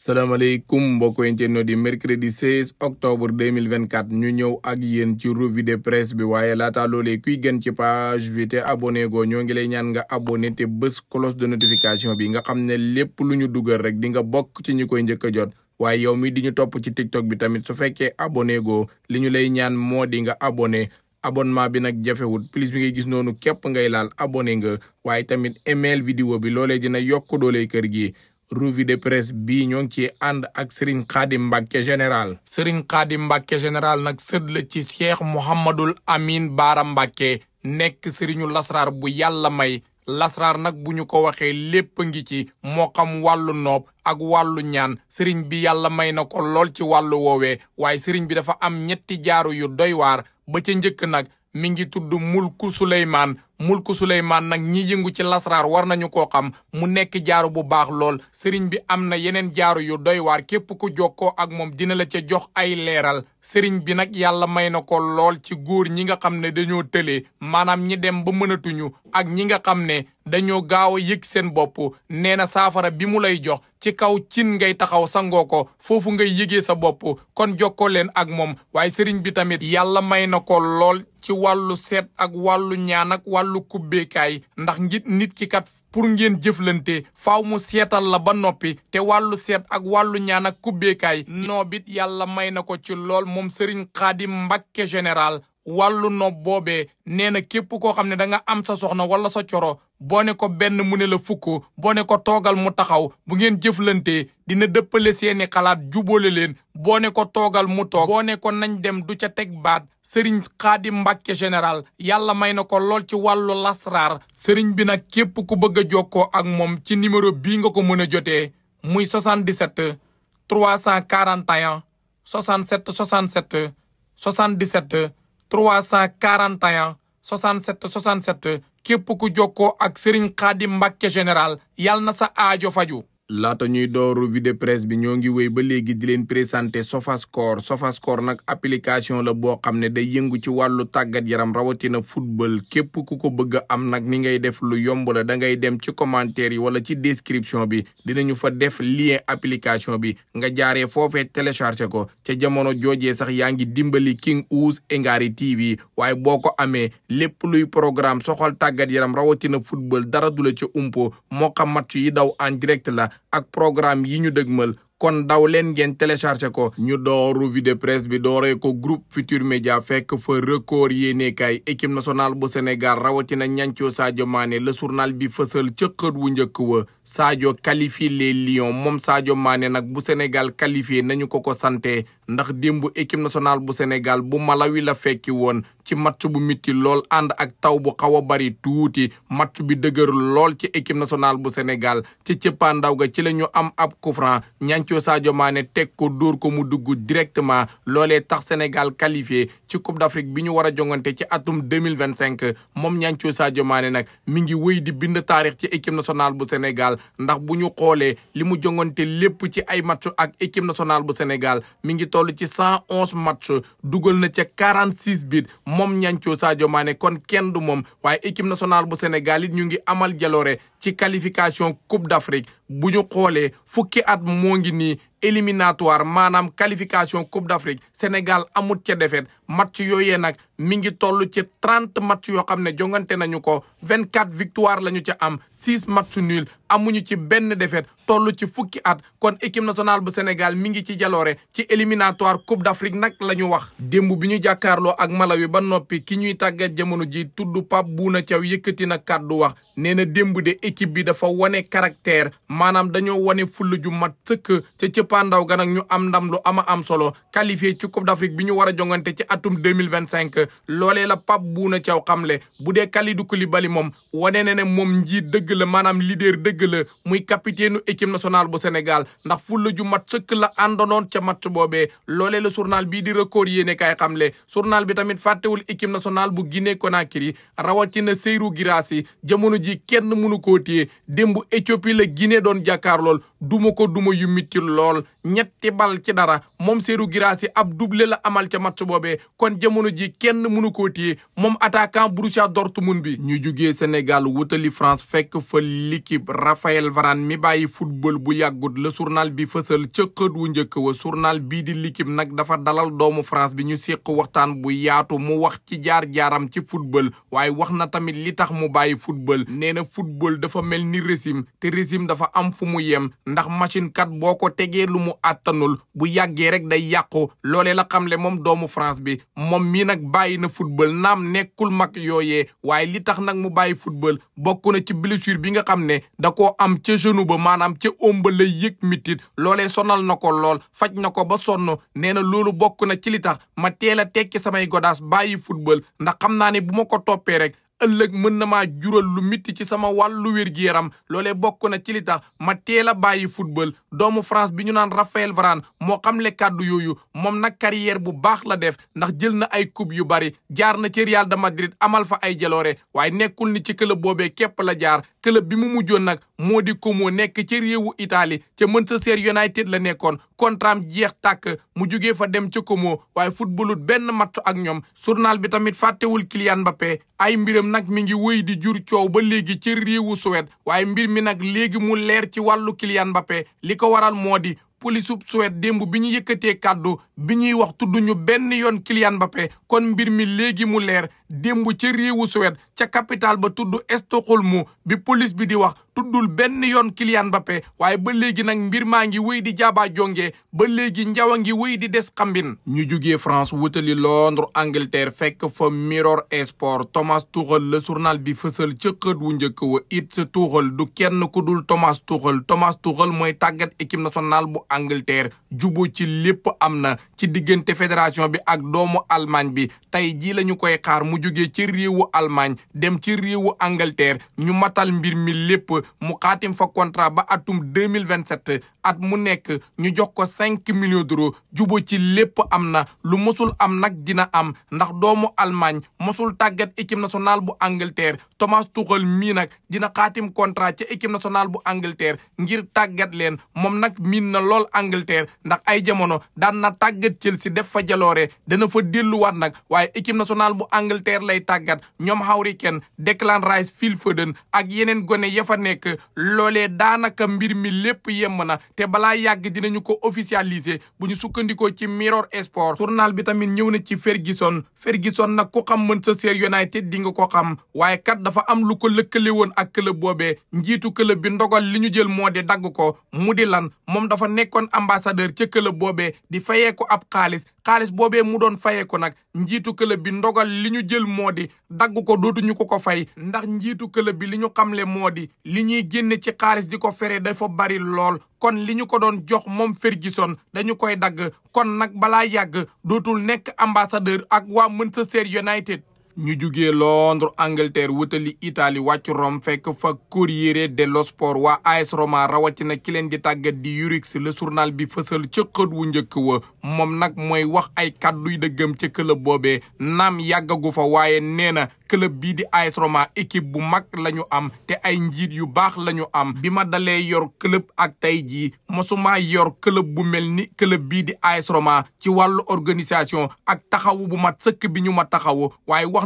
salaamaaleykum mbokk internet di mercredi 16 octobre 2024 ñu ñëw ak yéen ci revue de presse bi waaye laata loolee kuy gën ci page bi te abonné go ñoo ngi lay ñaan nga abonné te bés cloche de notification bi nga xam ne lépp lu ñu dugal rek di nga bokk ci ñu koy njëkk a jot waaye yow mi di ñu topp ci tiktok bi tamit su fekkee abonné go li ñu lay ñaan moo di nga abonné abonnement bi nag jafewut plus bi ngay gis noonu képp ngay laal abonné nga waaye tamit email vidéo bi loolee dina yokk kër gi. revue de presse bii ñoo ngi ci ànd ak Serigne Khadim Mbacke général Serigne Khadim Mbacke général nag sët la ci Cheikh Mouhamadul Amin Baara Mbacke nekk sëriñu Lasrar bu yàlla may Lasrar nag bu ñu ko waxee lépp a ngi ci moo xam wàllu noob ak wàllu ñaan sëriñ bi yàlla may na ko lool ci wàllu woowee waaye sëriñ bi dafa am ñetti jaaru yu doy waar ba ca njëkk nag mi ngi tudd mulku Suleymaan mulku suleymaan nag ñi yëngu ci lasraar war nañu koo xam mu nekk jaaru bu baax lool sëriñ bi am na yeneen jaaru yu doy képp ku jokkoo ak moom dina la ca jox ay leeral sëriñ bi nag yàlla may na ko lool ci góor ñi nga xam ne dañoo tëlee maanaam ñi dem ba mënatuñu ak ñi nga xam ne dañoo gaaw a yëg seen bopp nee na saafara bi mu lay jox ci kaw cin ngay taxaw sangoo ko foofu ngay yëgee sa bopp kon jokkoo leen ak moom waaye sëriñ bi tamit yàlla may na ko lool ci wàllu seet ak wàllu kubbeekaay ndax ngit nit ki kat pour ngeen jëflante faw mu seetal la ba noppi te wàllu seet ak wàllu ñaan ak kubbeekaay noobit yàlla may na ko ci lool moom Serigne Khadim Mbacké général wàllu nopp boobee nee na képp koo xam ne da nga am sa soxna wala sa coro boo ne ko benn mu ne la fukk boo ne ko toogal mu taxaw bu ngeen jëflantee dina dëppale seeni xalaat jubóole leen boo ne ko toogal mu toog boo ne ko nañ dem du ca teg baat sëriñ xaadim mbàkke général yàlla may na ko lool ci wàllu lasraar sëriñ bi nag képp ku bëgg a jokkoo ak moom ci numéro bii nga ko mën a jotee muy 77 341 67 67 77 341 67 67 képp ku jokkoo ak Serigne Khadim Mbacké général yal na sa aajo faju laata ñuy dooru vidéo presse bi ñoo ngi wéy ba léegi di leen présenté Sofascore Sofascore nag application la boo xam ne day yëngu ci wàllu tàggat yaram rawatina football képp ku ko bëgg a am nag ni ngay def lu yomb la da ngay dem ci commentaire yi wala ci description bi dina ñu fa def lien application bi nga jaaree foofe téléchargé ko ca jamono joojee sax yaa ngi dimbali King Ouse et Ngary TV waaye boo ko amee lépp luy programme soxal tàggat yaram rawatina football dara du la ca moo xam yi daw en direct ak programme yi ñu dëgmal kon daw leen ngeen téléchargé ko ñu door revue de bi dooree ko groupe Futur Média fekk fa record yéenekaay équipe nationale bu Sénégal rawatina ñancoo Sadio maane la journal bi fësal ca xët wu njëkk wa Sadio qualifié les Lions moom Sadio maane nag bu Sénégal qualifié nañu ko ko santé ndax démb équipe nationale bu Sénégal bu Malawi la fekki woon ci match bu mitti lool ànd ak taw bu xaw a bari tuuti match bi dëgër lool ci équipe nationale bu Sénégal ci cëppaandaw ga ci la ñu am ab coup franc xëccoo Sadio Mané teg ko dóor ko mu dugg directement loolee tax Sénégal qualifié ci Coupe d'Afrique bi ñu war a jongante ci atum 2025 moom ñancoo Sadio Mané nag mi ngi wéy di bind taarix ci équipe nationale bu Sénégal ndax bu ñu xoolee li mu jongante lépp ci ay match ak équipe nationale bu Sénégal mi ngi toll ci cent onze match dugal na ca quarante six bit moom ñancoo Sadio Mané kon kenn du moom waaye équipe nationale bu sénégalit ñu ngi amal jaloore ci qualification Coupe d'Afrique bu ñu xoolee fukki at moo ngi nii éliminatoire maanaam qualification coupe d'Afrique Sénégal amut ca défaite match yooyee nag mi ngi toll ci trente match yoo xam ne jongante nañu ko vingt quatre victoire la ñu ca am six match nul amuñu ci benn défaite toll ci fukki at kon équipe nationale bu Sénégal mi ngi ci jaloore ci éliminatoire coupe d'Afrique nag la ñu wax. démb bi ñu jàkkaarloo ak mala wi ba noppi ki ñuy tàggat jamono ji tudd Pape Bouna Thiaw yëkkati na kàddu wax nee na démb de équipe bi dafa wane caractère maanaam dañoo wane fulla ju mat sëkk ca cëppaandaw ga nag ñu am dam lu ama am solo qualifié ci coupe d'Afrique bi ñu war a jongante ci atum 2025 loolee la Pape Bouna Thiaw xamle bu dee Kalidou Koulibaly moom wane na ne moom njiit dëgg la maanaam leader dëgg la muy capitaine u équipe nationale bu Sénégal ndax fulla ju mat sëkk la àndonoon ca mat boobee loolee la journal bii di record yéene kaay xamle journal bi tamit fàttewul équipe nationale bu Guinée Conakry rawatina Seyrou Guirassy jamono ji kenn mënu koo téye démb Éthiopie la doon jàkkaarlool duma ko duma yu mitti lool bal ñetti bal ci dara moom Serhou Guirassy ab duble la amal ca match boobe kon jamono ji kenn mënu koo téye moom attaquant Borussia mun bi. ñu jugee Sénégal wutali France fekk fa l'équipe Raphaël Varane mi bàyyi football bu yàggut la journal bi fësal ca wu njëkk wa journal bii di l'équipe nag dafa dalal doomu France bi ñu séq waxtaan bu yaatu mu wax ci jaar-jaaram ci football waaye wax na tamit li tax mu bàyyi football nee na football dafa mel ni résim te régime dafa am fu mu yem lu mu àttanul bu yàggee rek day yàqu loolee la le moom doomu France bi moom mii nag bàyyi na football naam nekkul mag yooye waaye li tax nag mu bàyyi football bokk na ci blessure bi nga xam ne da ko am ca genou ba maanaam ca omba lay yëg mitit loole sonal na ko lool faj na ko ba sonn nee na loolu bokk na ci li tax ma teel a tekki samay godaas bàyyi football ndax xam naa ne bu ma ko toppee rek ëllëg mën na ma jural lu mitti ci sama wàllu wér-gi-yaram loolee bokk na ci li tax ma teel a bàyyi football doomu France bi ñu naan Raphaël Varane moo xamle kàddu yooyu moom nag carrière bu baax la def ndax jël na ay coupe yu bari jaar na ci Real de Madrid amal fa ay jaloore waaye nekkul ni ci club boobee képp la jaar club bi mu mujjoon nag moo di Como nekk ci réewu itali ca Manchester United la nekkoon kontraam jeex tàkk mu jugee fa dem ca Como waaye footballut benn match ak ñoom journal bi tamit fàttewul Kylian Mbappé ay mbiram nag mi ngi wéy di jur coow ba léegi ci réewu Suède waaye mbir mi nag léegi mu leer ci wàllu Kylian Mbappé li ko waral moo di polisu Suède démb bi ñu yëkkatee kàddu bi ñuy wax tudduñu benn yoon Kylian Mbappé kon mbir mi léegi mu leer démb ci réewu Suède ca capital ba tudd mu bi police bi di wax tuddul benn yoon Kylian Mbappé waaye ba léegi nag mbir maa ngi wéy di jaaba jonge ba léegi njaw a ngi wéy di des xambin ñu jugee France wutali Londres Angleterre fekk fa Mirror Sport Thomas Tuchel le surnal bi fësal ca wu njëkk wa it's Tuchel du kenn ku dul Thomas Tuchel Thomas Tuchel mooy tàggat équipe nationale bu Angleterre jubo ci lépp am na ci diggante fédération bi ak doomu Allemagne bi tey jii la ñu koy xaar mu jugee ci réewu Allemagne dem ci réewu Angleterre ñu matal mbir mi lépp mu xaatim fa contrat ba atum deux mille vingt sept at mu nekk ñu jox ko cinq millions d'euros jubo ci lépp am na lu mosul am nag dina am ndax doomu Allemagne mosul tàggat équipe nationale bu Angleterre Thomas Tuchel mii nag dina xaatim contrat ca équipe nationale bu Angleterre ngir tàggat leen moom nag miin na lool Angleterre ndax ay jamono daan na tàggat Chelsea def fa jaloore dana fa delluwaat nag waaye équipe nationale bu Angleterre lay tàggat ñoom xawri américaine Declan Rice Phil Foden ak yeneen gone ya fa nekk loolee daanaka mbir mi lépp yemb na te balaa yàgg dinañu ko officialiser bu ñu sukkandikoo ci Mirror Sport journal bi tamit ñëw na ci Ferguson Ferguson nag ku xam Manchester United di nga ko xam waaye kat dafa am lu ko lëkkale woon ak club boobee njiitu club bi ndogal li ñu jël moo di dagg ko mu di lan moom dafa nekkoon ambassadeur ca club boobee di fayee ko ab xaalis xaalis boobee mu doon fayee ko nag njiitu club bi ndogal li ñu jël moo di dagg ko dootuñu ko ko fay ndax njiitu club bi li ñu xamle moo di li ñuy génne ci xaalis di ko fere dafa bari lool kon li ñu ko doon jox moom Ferguson dañu koy dagg kon nag balaa yàgg dootul nekk ambassadeur ak waa Manchester United ñu jugee Londres Angleterre wutali Italie wàcc Rome fekk fa Corriere dello Sport waa AS Roma rawatina ki leen di tàggat di Jurix le surnal bi fësal ca xët wu njëkk wa moom nag mooy wax ay kàdduy dëggam ca club boobe naam yàggagu fa waaye nee na club bii di AS Roma équipe bu mag la ñu am te ay njiit yu baax la ñu am bi ma dalee yor club ak tey jii mosuma yor club bu mel ni club bii di AS Roma ci wàllu organisation ak taxawu bu mat sëkk bi ñu ma taxawu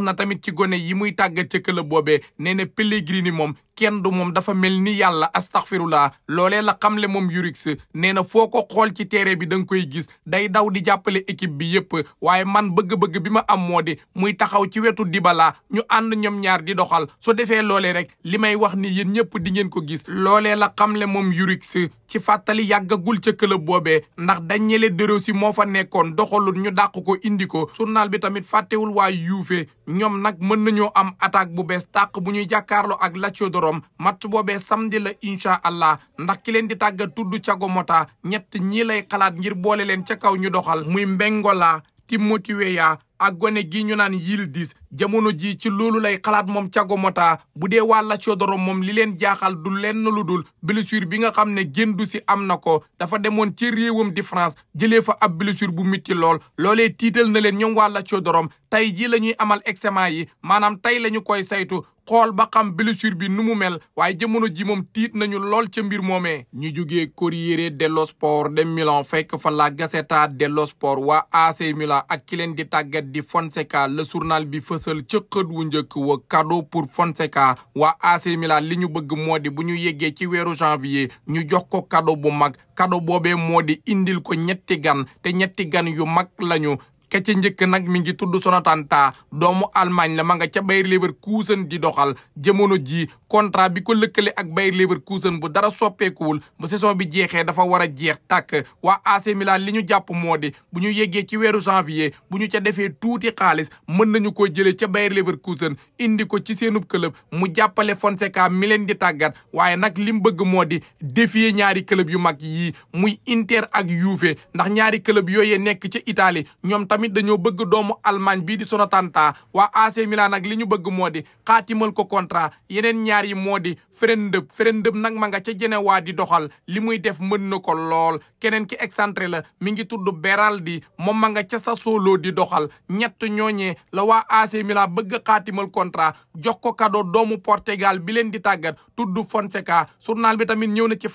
na tamit ci gone yi muy tàggat ca club boobee nee na Pellegrini moom kenn du moom dafa mel ni yàlla astaghfirullah loolee la xamle moom Jurix nee na foo ko xool ci terrain bi da nga koy gis day daw di jàppale équipe bi yépp waaye man bëgg-bëgg bi ma am moo di muy taxaw ci wetu Dybala ñu ànd ñoom ñaar di doxal su defee loolee rek li may wax ni yéen ñëpp di ngeen ko gis loolee la xamle moom si ci fàttali yàggagul ca club boobee ndax Daniele De Rossi moo fa nekkoon doxalul ñu dàq ko indi ko journal bi tamit fàttewul waa Juve ñoom nag mën nañoo am attaque bu bees tàq bu ñuy jàkkaarloo ak Lazio de Rome match boobee samedi la incha allah ndax ki leen di tàggat tudd Thiago Motta ñett ñii lay xalaat ngir boole leen ca kaw ñu doxal muy Mbengola Timothy Weah ak gone gi ñu naan Yildiz jamono ji ci loolu lay xalaat moom Thiago Motta bu dee waa Lazio de moom li leen jaaxal du lenn lu dul blessure bi nga xam ne Guendouzi si am na ko dafa demoon ci réewam di France jëlee fa ab blessure bu mitti lool loolee tiital na leen ñoom waa Lazio de Rome tey jii la ñuy amal examen yi maanaam tey la ñu koy saytu xool ba xam blessure bi nu mu mel waaye jamono ji moom tiit ñu lool ca mbir moomee ñu jógee Corriere dello Sport de Milan fekk fa la Gazzetta dello Sport waa AC Milan ak ki leen di tàggat di Fonseca le journal bi fësal ca wu njëkk wa cadeau pour Fonseca waa AC Milan li ñu bëgg moo di bu ñu yeggee ci weeru janvier ñu jox ko cadeau bu mag cadeau boobee moo di indil ko ñetti gan te ñetti gan yu mag lañu ka ca njëkk nag mi ngi tudd Sonatanta doomu Allemagne la ma nga ca Bayer Leverkusen di doxal jamono ji contrat bi ko lëkkale ak Bayer Leverkusen bu dara soppeekuwul bu saison bi jeexee dafa war a jeex tàkk waa AC Milan li ñu jàpp moo di bu ñu yeggee ci weeru janvier bu ñu ca defee tuuti xaalis mën nañu ko jëlee ca Bayer Leverkusen indi ko ci seenub club mu jàppale Fonseca mi leen di tàggat waaye nag li mu bëgg moo di défier ñaari club yu mag yi muy Inter ak Juve ndax ñaari club yooyee nekk ca tamit dañoo bëgg doomu Allemagne bii di Jonathan Tah waa AC Milan nag li ñu bëgg moo di xaatimal ko contrat yeneen ñaar yi moo di Fren Dëb Fren Dëb nag ma nga ca waa di doxal li muy def mën na ko lool keneen ki excentré la mi ngi tudd Beraldi moom ma nga ca sa Sassuolo di doxal ñett ñooñee la waa AC Milan bëgg xaatimal contrat jox ko cadeau doomu portegal bi leen di tàggat tudd Fonseca journal bi tamit ñëw na ci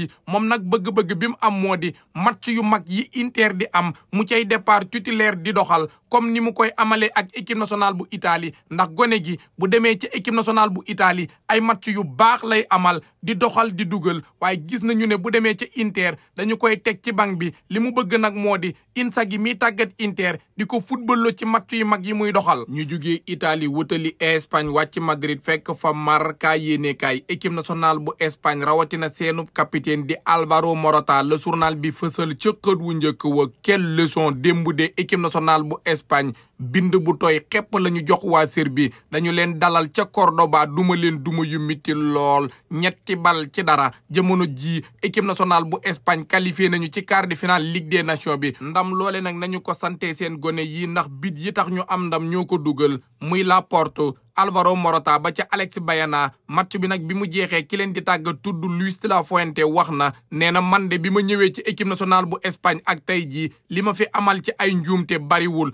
yi moom nag bëgg-bëgg bi mu am moo di yu mag yi leer di doxal comme ni mu koy amalee ak équipe nationale bu Italie ndax gone gi bu demee ci équipe nationale bu Italie ay match yu baax lay amal di doxal di dugal waaye gis nañu ne bu demee ci Inter dañu koy teg ci banc bi li mu bëgg nag moo di Inzaghi muy tàggat Inter di ko footballoo ci match yu mag yi muy doxal. ñu jugee Italie wutali Espagne wàcc Madrid fekk fa Marca yéenekaay équipe nationale bu Espagne rawatina seenu capitaine di Alvaro Morata le journal bi fësal ca wu njëkk wa quelle démb équipe nationale bu Espagne bind bu tooy xepp la ñu jox waa Serbie dañu leen dalal ca Cordoba duma leen duma yu miti lool ñetti bal ci dara jamono jii équipe nationale bu Espagne qualifié nañu ci quart de finale Ligue des Nations bi ndam loole nag nañu ko sante seen gone yi ndax bit yi tax ñu am ndam ñoo ko dugal muy la Laporte Alvaro Morata ba ca Alex Bayana match bi nag bi mu jeexee ki leen di tàgg tudd Luis de la Fuente wax na nee na man de bi ma ñëwee ci équipe nationale bu Espagne ak tey jii li ma fi amal ci ay bariwul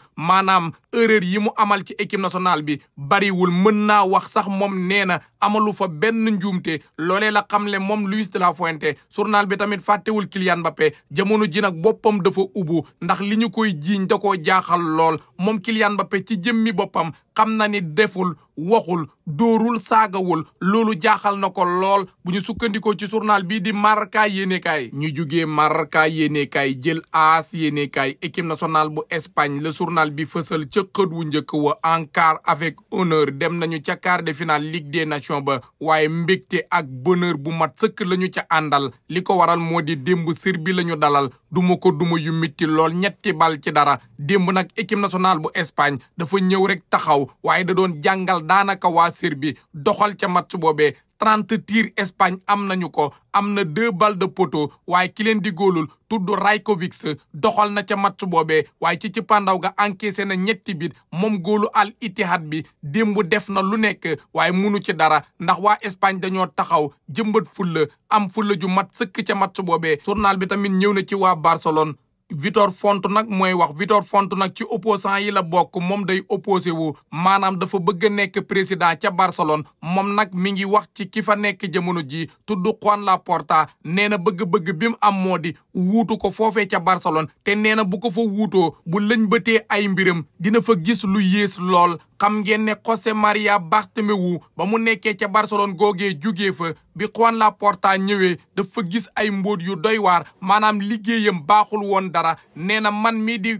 maanaam erreur yi mu amal ci équipe nationale bi bariwul mën naa wax sax moom nee na amalu fa benn njuumte loolee la xamle moom Luis de la Fuente journal bi tamit fàttewul Kylian Mbappé jamono ji nag boppam dafa ubu ndax li ñu koy jiiñ da koo jaaxal lool moom Kylian Mbappé ci jëmmi boppam xam na ni deful waxul dóorul saagawul loolu jaaxal na ko lool bu ñu sukkandikoo ci journal bii di Marca yéenekaay ñu jugee marka yéenekaay jël AS yéenekaay équipe national bu Espagne la journal bi fësal ca xët wu njëkk wa en quart avec honneur dem nañu ca quart de nation ba waaye mbégte ak bonheur bu mat sëkk lañu ca àndal li ko waral moo di démb Serbie la ñu dalal duma ko duma yu mitti lool ñetti bal ci dara démb nag équipe national bu Espagne dafa ñëw rek taxaw waaye da doon jàngal daanaka waa Serbie doxal ca match boobee trente tir Espagne am nañu ko am na deux balles de poteau waaye ki leen di góolul tudd Rajkovic doxal na ca match boobee waaye ci ci pandaw ga encaissé na ñetti bit moom góolu àll Ittihad bi démb def na lu nekk waaye munu ci dara ndax waa Espagne dañoo taxaw jëmbat fulla am fulla ju mat sëkk ca match boobee journal bi tamit ñëw na ci waa Barcelone Victor Font nag mooy wax Victor Font nag ci opposant yi la bokk moom day opposé wu maanaam dafa bëgg a nekk président ca Barcelone moom nag mi ngi wax ci ki fa nekk jamono ji tudd la Laporta nee na bëgg-bëgg bi mu am moo di wuutu ko foofee ca Barcelone te nee na bu ko fa wuutoo bu lëñbëtee ay mbiram dina fa gis lu yées lool xam ngeen ne José María Bartomeu ba mu nekkee ca Barcelone googee jugee fa bi Juan Laporta ñëwee dafa gis ay mbóot yu doy waar maanaam liggéeyam baaxul woon dara nee na man mii di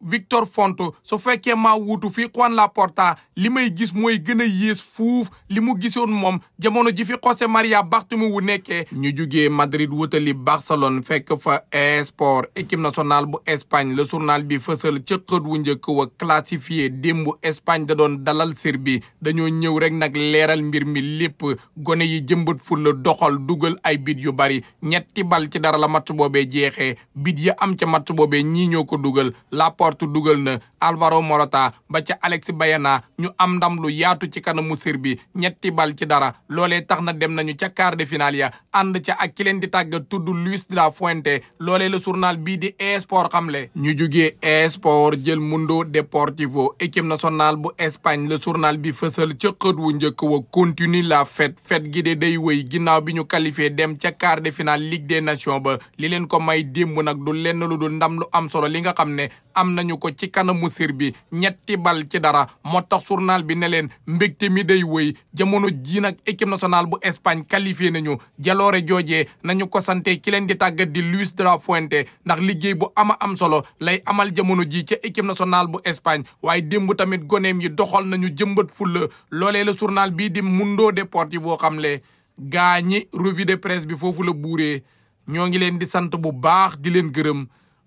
Victor Fonto su fekkee maa wuutu fii Juan Laporta li may gis mooy gën a yées fuuf li mu gisoon moom jamono ji fi maria María wu nekkee. ñu jugee Madrid wutali Barcelone fekk fa esport équipe nationale bu Espagne la journal bi fësal ca xët wu njëkk wa classifié démb Espagne da doon dalal Serbie dañoo ñëw rek nag leeral mbir mi lépp gone yi jëmbat ful la doxal dugal ay bit yu bari ñetti bal ci dara la match boobee jeexee bit yi am ca match boobe ñii ñoo ko dugal Laporte dugal na Alvaro Morata ba ca Alex Bayana ñu am ndam lu yaatu ci kanamu Serbie ñetti bal ci dara loole tax na dem nañu ca quart de finale ya ànd ca ak ki leen di tàgga tudd Luis de la Fuente loolee la journal bii di esport xamle ñu jugee esport jël Mundo Deportivo équipe nationale bu Espagne le journal bi fësal ca xët wu njëkk wa continue la fête fet gi de day wëy ginnaaw bi ñu qualifié dem ca quart de finale Ligue des Nations ba li leen ko may démb nag du lu dul ndam lu am solo li nga xam nañu ko ci kanamu Serbie ñetti bal ci dara moo tax journal bi ne leen mbégte mi day wëy jamono jii nag équipe nationale bu Espagne qualifié nañu jaloore jooje nañu ko sante ki leen di tàggat di Luis de la Fuente ndax liggéey bu ama am solo lay amal jamono ji ca équipe nationale bu Espagne waaye démb tamit goneem yi doxal nañu jëmbat fulla loolee la journal bii di Mundo Deportivo xamle gaa ñi revue de presse bi foofu la buuree ñoo ngi leen di sant bu baax di leen gërëm